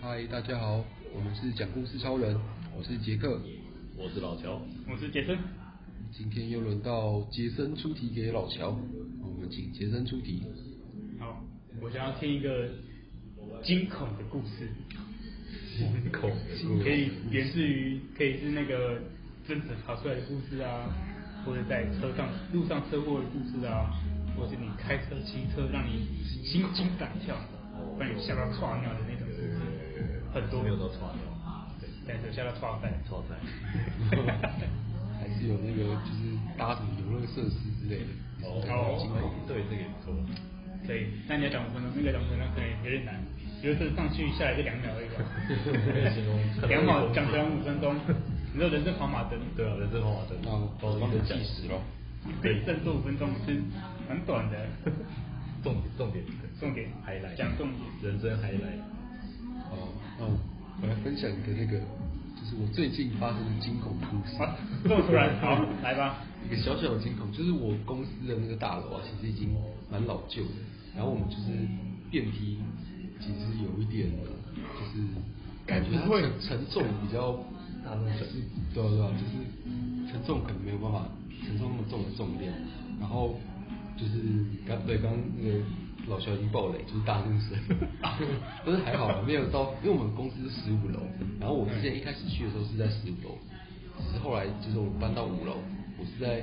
嗨，大家好，我們是講故事超人，我是杰克，我是老喬，我是杰森。今天又輪到杰森出題給老喬，我們請杰森出題。好，我想要聽一個驚恐的故事。驚恐。可以源自於，可以是那個真正跑出來的故事啊，或者在車上路上車禍的故事啊，或是你開車騎車讓你心驚膽跳，把你嚇到剉尿的那種事，哦，很多尿到尿尿，對，但是嚇到超飯超飯。 還是有那個就是搭什麼遊樂設施之類的哦，對，這個也不錯，可以，但你要掌握分寸，那個掌握分寸可能有點難。就是上去下來就兩秒而已吧、啊，兩 秒講成五分鐘， 你說人生跑馬燈？對啊，人生跑馬燈，那搞什麼計時咯？對，正做五分鐘是很短的。重點重點重點還來講重點，人生還來。哦那我我來分享一個那個，就是我最近發生的驚恐故事。這麼突然？好， 來吧。一個小小的驚恐，就是我公司的那個大樓啊，其實已經蠻老舊的，然後我們就是電梯。嗯會承重比較，大，啊，是對，對對，就是承重可能沒有辦法承重那麼重的重量，然後就是剛對剛那個老喬已經爆雷，就是大震聲，不、啊、是還好沒有到，因為我們公司是十五樓，然後我之前一開始去的時候是在十五樓，只是後來就是我們搬到五樓，我是在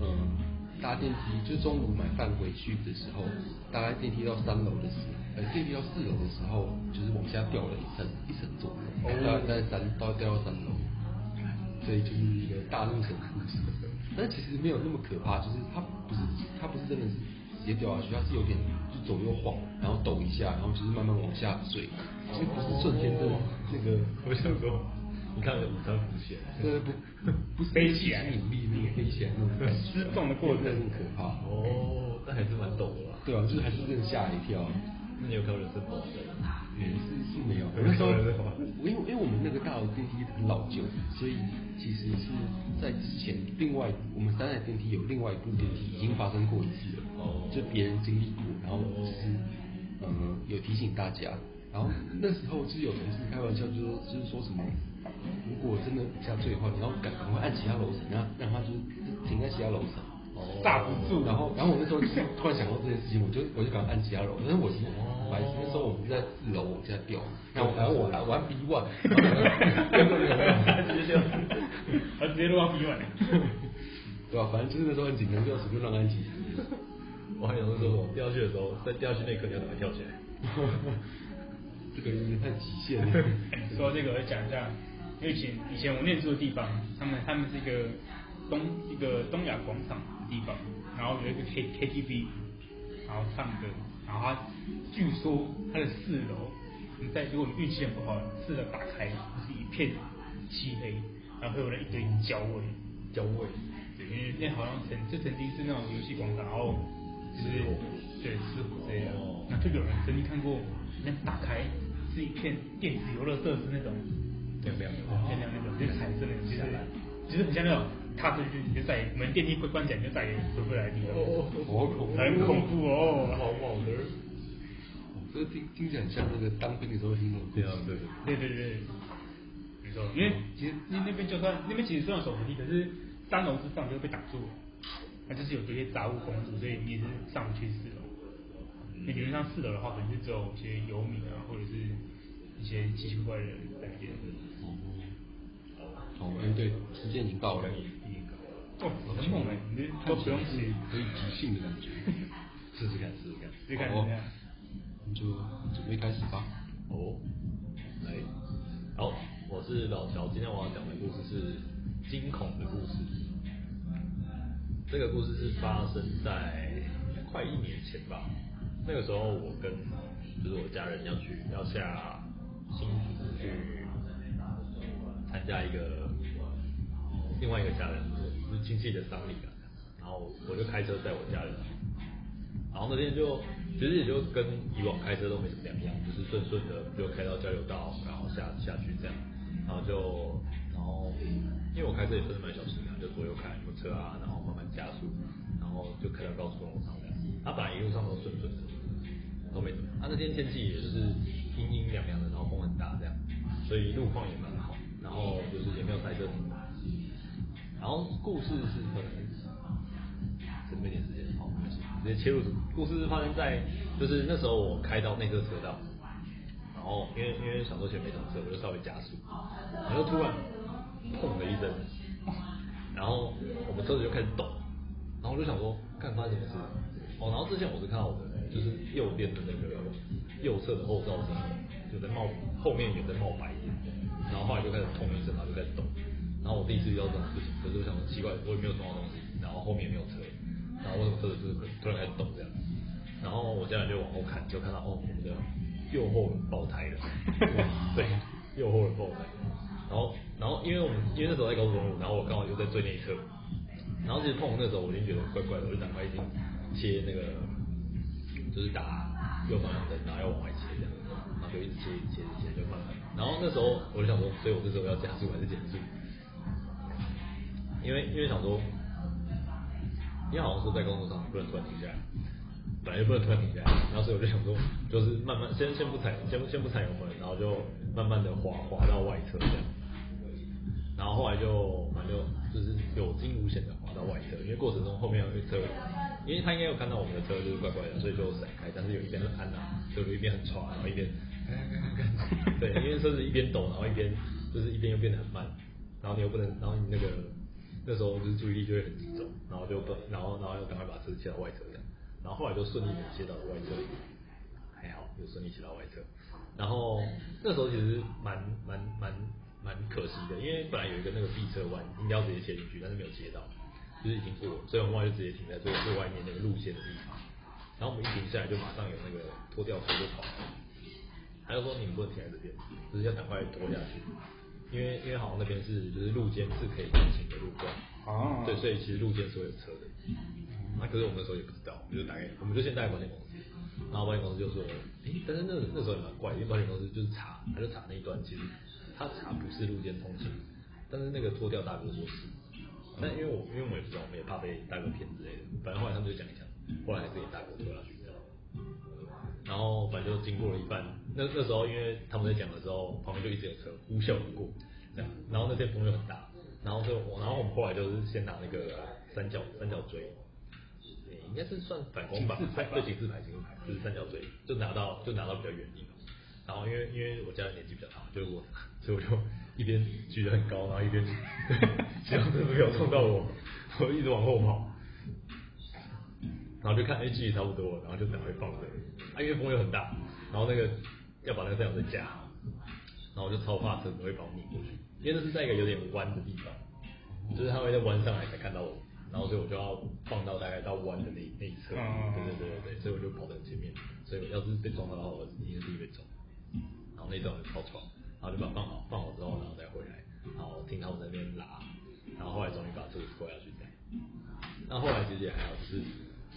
嗯。呃搭電梯就中午買飯回去的時候，搭電梯到三樓的時候，呃，電梯到四樓的時候，就是往下掉了一層，一層鐘、哦，然後概三到掉到三樓，所以就是一個大驚小怪的事，嗯。但其實沒有那麼可怕，就是它不是它不是真的是直接掉下去，它是有點就左右晃，然後抖一下，然後就是慢慢往下墜，就不是瞬間往那個。哦你看我，五臟不全，這不不是飛起來，引力力飛起來，失重的過程很可怕。哦，那還是蠻懂的，對啊，就是還是真的嚇一跳。那你有看到什麼？嗯，是是沒有。比如說，我因為因為我們那個大樓電梯很老舊，所以其實是，在之前另外我們三台電梯有另外一部電梯已經發生過一次了，哦就別人經歷過，然後、就是嗯有提醒大家，然後那時候就是有同事開玩笑就說，就是說什麼。如果真的往下墜的話，你要趕趕快按其他樓層，讓讓他就是停在其他樓層，炸不住。然後，然後我那時候突然想到這件事情，我就我就趕快按其他樓。但是我是，反正那時候我們在四樓往下掉，然後反正我、oh, 我還 B one，哈哈直接， 他直接 對吧、啊？反正就是的時候很緊張，是是讓就死不亂按幾層。我還有時候我掉下去的時候，在掉下去那一刻，你要怎麼跳起來， 這個有點太極限了。 說這個，我要講一下。因為以前以前我念書的地方，他們他們是一個東一個東亞廣場的地方，然後有一個 K K T V，然後唱歌，然後他據說他的四樓，你在如果你運氣很不好，四樓打開就是一片漆黑，然後會有一堆焦味，焦味，對，因為那好像曾這曾經是那種遊戲廣場，然後就是，是對，似乎這樣，那有個人曾經看過，那打開是一片電子遊樂設施那種。有沒有沒有，天、哦、有那種、個啊，就是慘死的，非常難，其實很像那種、個、踏出去，就在門電梯會關關起來，就再也回不來那種、個，很恐怖哦，不哦哦嗯、好恐怖，這聽聽起來很像那個當兵的時候聽到的故事，對啊、哦，對對對，沒錯，因為、哦、其實為那那邊就算那邊其實算有守衛的，可是三樓之上就被擋住了，那就是有這些雜物擋住，所以你也是上不去四樓，比如上四樓的話，可能就只有一些游民啊，或者是一些奇奇怪的人在那邊。哎、oh, 欸，對，時間已經到了。哦，什麼？你都不像是可以即興的感覺，試、嗯、試看，試試看。你、oh oh, 看一下，oh. 試試看 oh. 我們就準備開始吧。哦、oh.，來，好、oh,，我是老喬。今天我要講的故事是驚恐的故事 這個故事是發生在快一年前吧。那個時候，我跟就是我家人要去要下新竹去。嗯加一個另外一個家人就是親戚的喪禮、啊、然後我就開車載我家人、啊。然後那天就其實也就跟以往開車都沒什麼兩樣，就是順順的就開到交流道，然後下下去這樣，然後就然後因為我開車也算是蠻小心的、啊，就左右開，有車啊，然後慢慢加速，然後就開到高速公路上這樣，它、啊、本來一路上都順順的，都沒什麼，啊、那天天氣也就是陰陰涼涼的，然後風很大這樣，所以路況也蠻。然後就是也沒有開車，然後故事是……可能準備點時間，好、哦，直接切入。故事是發生在就是那時候我開到內側車車道，然後因為因為想說前面沒什麼車，我就稍微加速，然後突然砰的一聲，然後我們車子就開始抖，然後我就想說，看發生什麼事？哦，然後之前我是看到我的，就是右邊的那個。對右側的後照燈就在冒，後面也在冒白煙，然後後來就開始痛一聲，然後就在抖，然後我第一次遇到這種事情，可是我想很奇怪，我也沒有撞到東西，然後後面也沒有車，然後為什麼車子就是突然開始抖這樣？然後我接下來就往後看，就看到哦，我們的右後爆胎了， 對，右後爆胎。然後，然後因為我們因為那時候在高速公路，然後我剛好又在最內側，然後其實碰到那時候我已經覺得怪怪的，我就趕快已經切那個，就是打。又好像然後又往外切這樣，那就一直切切切就慢慢，然後那時候我就想說，所以我這時候要加速還是減速？因為因為想說，你好像是在公路上不能突然停下來，本來就不能突然停下來，然後所以我就想說，就是慢慢先先不踩先先不踩油門，然後就慢慢的滑滑到外側這樣，然後後來就反正就就是有驚無險的滑到外側，因為過程中後面有一車。因為他應該有看到我們的車，就是怪怪的，所以就閃開。但是有一邊很按吶、啊，就是一邊很闖，然後一邊， 對，因為車子一邊抖，然後一邊就是一邊又變得很慢，然後你又不能，然後你那個那時候就是注意力就會很集中，然後就不，然後然後又趕快把車子切到外側這樣，然後後來就順利的切到了外側，還好就順利切到外側。然後那時候其實蠻蠻蠻蠻可惜的，因為本來有一個那個避車彎應該要直接切進去，但是沒有切到。就是已經過所以我們就直接停在最最外面那個路肩的地方。然後我們一停下來，就馬上有那個拖吊車，就跑了。他就說，你們不能停在這邊，就是要趕快拖下去。因為因為好像那邊是就是路肩是可以通行的路段、嗯，對，所以其實路肩是會有車的、嗯。那可是我們那時候也不知道，就打我們就先帶保險公司，然後保險公司就說，欸、但是那那時候也蠻怪，因為保險公司就是查，他就查那一段，其實他查不是路肩通行，但是那個拖吊大哥說是。那因為我因為我也不知道，我們也怕被大哥騙之類的。反正後來他們就講一講，後來還是給大哥拖下去了。然後反正就經過了一半，那那時候因為他們在講的時候，旁邊就一直有車呼嘯而過，這樣。然後那天風又很大，然後就我，然後我們後來就是先拿那個三角三角錐、欸，應該是算反光板，對，警示牌、牌、警示牌，就是三角錐，就拿到就拿到比較遠的地方。然後因為因為我家人年紀比較大，就我所以我就。一邊舉得很高，然後一邊，這樣子沒有撞到我，我就一直往後跑，然後就看 AG 差不多，然後就趕快放飛，啊因為風又很大，然後那個要把那個太陽傘夾，然後我就超怕車會把我碾過去，因為那是在一個有點彎的地方，就是他會在彎上來才看到我，然後所以我就要放到大概到彎的那一那一側，對對對對對，所以我就跑在前面，所以我要是被撞到的話，我一定會被撞，然後那一段很超爽。然後就把放好，放好之後然後再回來，然後聽他們在那邊拉，然後後來終於把車拖下去。那後來其實也還好，就是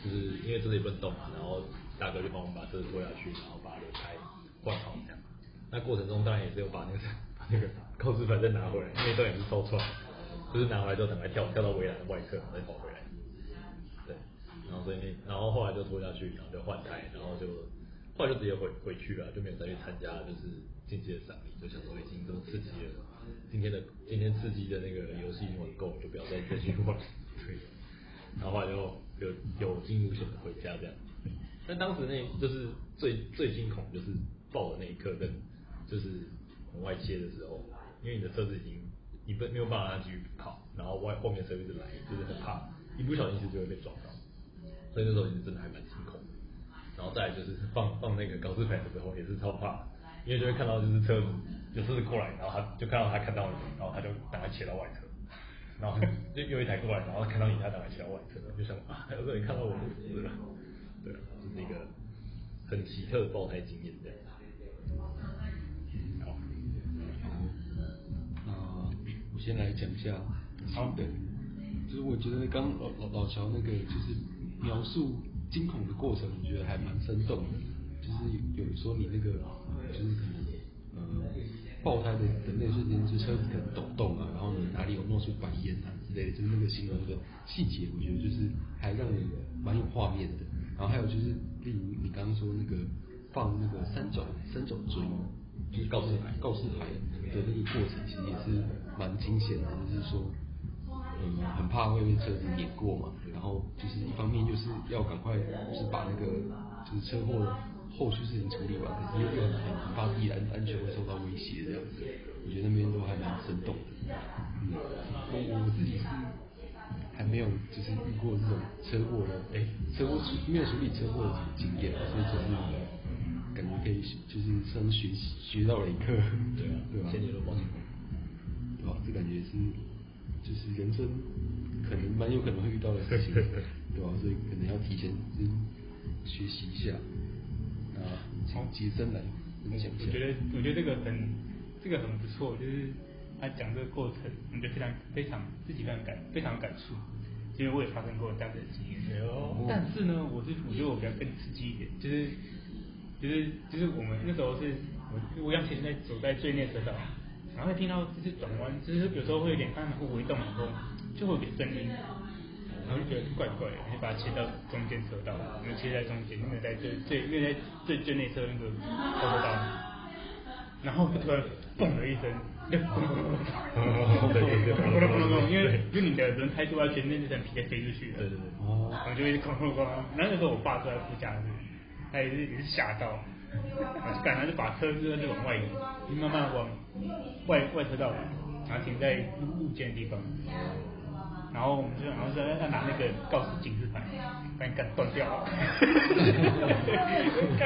就是因為這裡不能動嘛，然後大哥就幫我們把車拖下去，然後把輪胎換好一下。那過程中當然也是有把那個 把那個扣子反正拿回來，因為對也是收出來就是拿回來就等來跳跳到圍欄的外側再跑回來。對，然後所以，然後後來就拖下去，然後就換胎，然後就後來就直接回回去了，就沒有再去參加就是。境的三，就想說已經都刺激了，今天的今天刺激的那個遊戲玩夠，就不要再繼續玩了。對了，然後，後來就有有驚無險的回家這樣。但當時那就是最最驚恐，就是爆的那一刻，跟就是往外切的時候，因為你的車子已經一你沒有辦法繼續跑，然後外後面車子就來，就是很怕，一不小心就會被撞到。所以那時候已經真的還蠻驚恐的。然後再來就是放放那個高速牌的時候，也是超怕。因為就會看到就是車主，就是過來，然後他就看到他看到你，然後他就打他切到外側，然後又又一台過來，然後看到你，他打他切到外側，就想啊，他說你看到我是不是？對啊，就是一個很奇特的爆胎經驗這樣。好，那我先來講一下，好、啊、的，就是我覺得剛老老老喬那個就是描述驚恐的過程，我覺得還蠻生動的。就是有說你那個，就是可能呃、嗯、爆胎的的那一瞬間，就是車子很抖動啊，然後呢哪裡有冒出白煙啊之類的，就是那個形容的細節，我覺得就是還讓人蠻有畫面的。然後還有就是，例如你剛剛說那個放那個三角三角錐，就是告示牌告示牌的那個過程，其實也是蠻驚險的，就是說呃、嗯、很怕會被車子碾過嘛，然後就是一方面就是要趕快就是把那個就是車禍。後續事情處理完，可是又很很怕自己安安全會受到威脅這樣子。我覺得那邊都還蠻生動的，嗯，我自己是還沒有就是遇過這種車禍的，哎、欸，車禍處沒有處理車禍的經驗，所以這樣的感覺可以就是像學習學到了一課，對啊，對吧、啊？先交了保險對吧、啊？這感覺是就是人生可能蠻有可能會遇到的事情，對吧、啊？所以可能要提前先學習一下。有有嗯、我覺得我覺得這個很這個很不錯，就是他講這個過程，我覺得非常非常自己非常感非常感觸，因為我也發生過這樣的經驗、哦。但是呢，我是我覺得我比較更刺激一點，就是就是就是我們那時候是我我當時在走在最內側車道，然後會聽到就是轉彎，就是有時候會有點方向盤會動，然後就會有聲音。我就覺得怪怪的，你把它切到中間車道，沒有切在中間，因為在最最，因為這這那車道都超車道，然後就突然嘣的一聲，嘣嘣嘣嘣嘣嘣嘣，哦、 因為因為你的輪胎就前面，那層皮飛出去了。對對對。然後就會哐哐哐，那時候我爸坐在副駕駛，他也是也是嚇到，趕忙就把車就就往外移，慢慢往外外車道，然後停在路肩的地方。然後我們就，然後說要拿那個告示警示牌，把現桿斷掉了。哈哈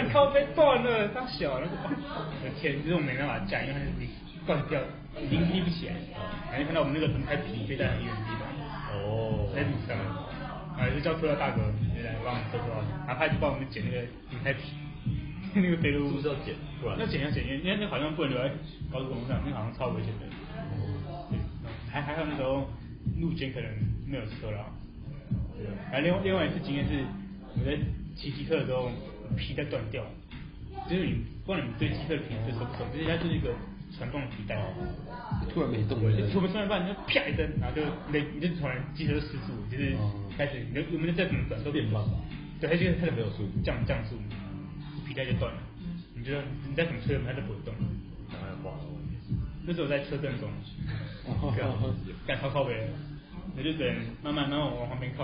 哈斷了，太小了，天，天，這我沒辦法講，因為它已經斷掉了，拎不起來。哦、然後看到我們那個輪胎皮飛在很遠的地方，哦，很搞笑。啊、嗯，然後是叫塑料大哥，嗯、你來幫我們收拾，拿帕子幫我們撿那個輪胎皮， 那個飛都不知道撿，那撿要撿，因為那好像不能留在高速公路上，那好像超危險的、哦。對，還還好那時候。路肩可能沒有車了，對。然後另外另外一次經驗是，我在騎機車的時候皮帶斷掉，就是你不管你對機車的品質熟不熟，就是它就是一個傳動皮帶突然沒動了。我們上一半就啪一蹬，然後就你就突然機車失速，就是開始，我們就再怎麼轉都變慢了。對，它就它就沒有速度降降速，皮帶就斷了。你覺得你再怎麼吹，它不會就不動了，然後就掛了。那時候在車震中。哦、啊，好好好，該靠靠唄，那、嗯、就等慢慢然後往旁邊靠，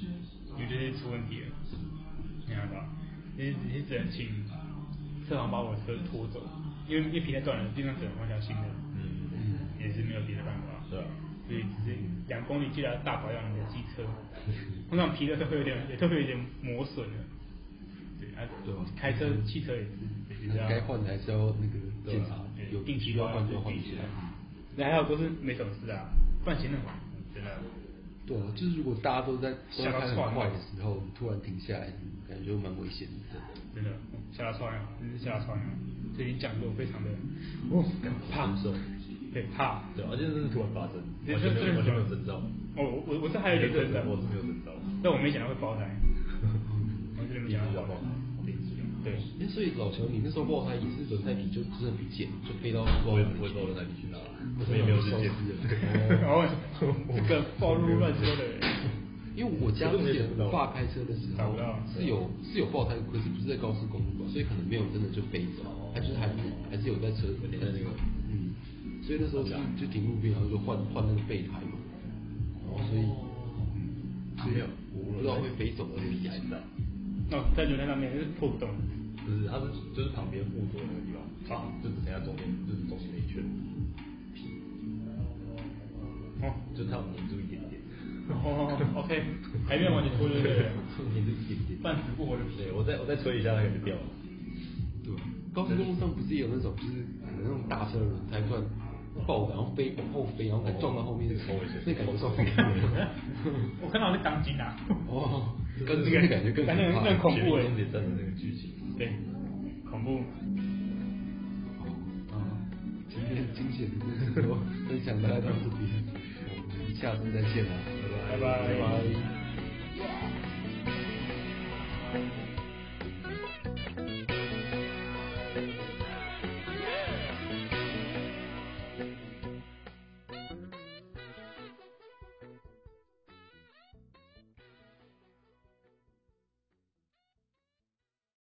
有、嗯、就是出問題了，嗯、明白吧？你你只能請車行把我車拖走，嗯嗯、因為一皮帶斷了，平常只能換條新的，嗯嗯，也是沒有別的辦法，對、嗯、所以只是兩公里既然大保養的機車、嗯，通常皮的都會有點也特別有點磨損、嗯啊啊、的、那個，對啊，開車汽車也是，該換還是要那個檢查，有定期要換就換一下。還有都是沒什麼事的、啊，放心了吧？真的。對，、啊對啊，就是如果大家都在瞎拉串壞的時候，突然停下來，感覺蠻危險的。真的，瞎拉串，真是瞎拉串，就已經講過非常的，我怕的時候，很怕，、嗯、對怕，對，而且真的突然發生，完全完全沒有徵兆。哦，我我這還有點真的，我是沒有徵兆的。但我沒想到會爆胎。 我這邊講爆胎，我第一次。對，哎，所以老喬，你那時候爆胎也是輪胎你就真是很賤，就飛到。不，我也不會不會爆輪胎皮去哪？沒，沒有時間，然後對，我跟暴露亂車的人，因為我家以前爸開車的時候是有是有爆胎，可是不是在高速公路嘛，所以可能沒有真的就飛走，他就是還還是有在車有在那個嗯，所以那時候是就停路邊，然後就換換那個備胎嘛，所以沒有，我沒有不知道會飛走的還是岩的，哦，在輪胎上面是破洞，不是，他是就是旁邊護座那個地方，啊，就只剩下左邊。就差粘住一點點。Oh, OK，還面完全拖出對瞬對就 一點點。半死不活是不是？對，我再我再吹一下，它就掉了。對，高速公路上不是有那種，就是可能那種大車輪胎突然爆，然後飛往後飛，然後撞到後面那個車、這個，那感覺超嚇人。我看到那鋼筋啊！哦，鋼筋的感覺更怕、這個。感覺更恐怖哎！終點站的那個劇情，對，恐怖。哦、oh, 啊，今天驚險我都分享到這邊。下次再見吧，拜拜。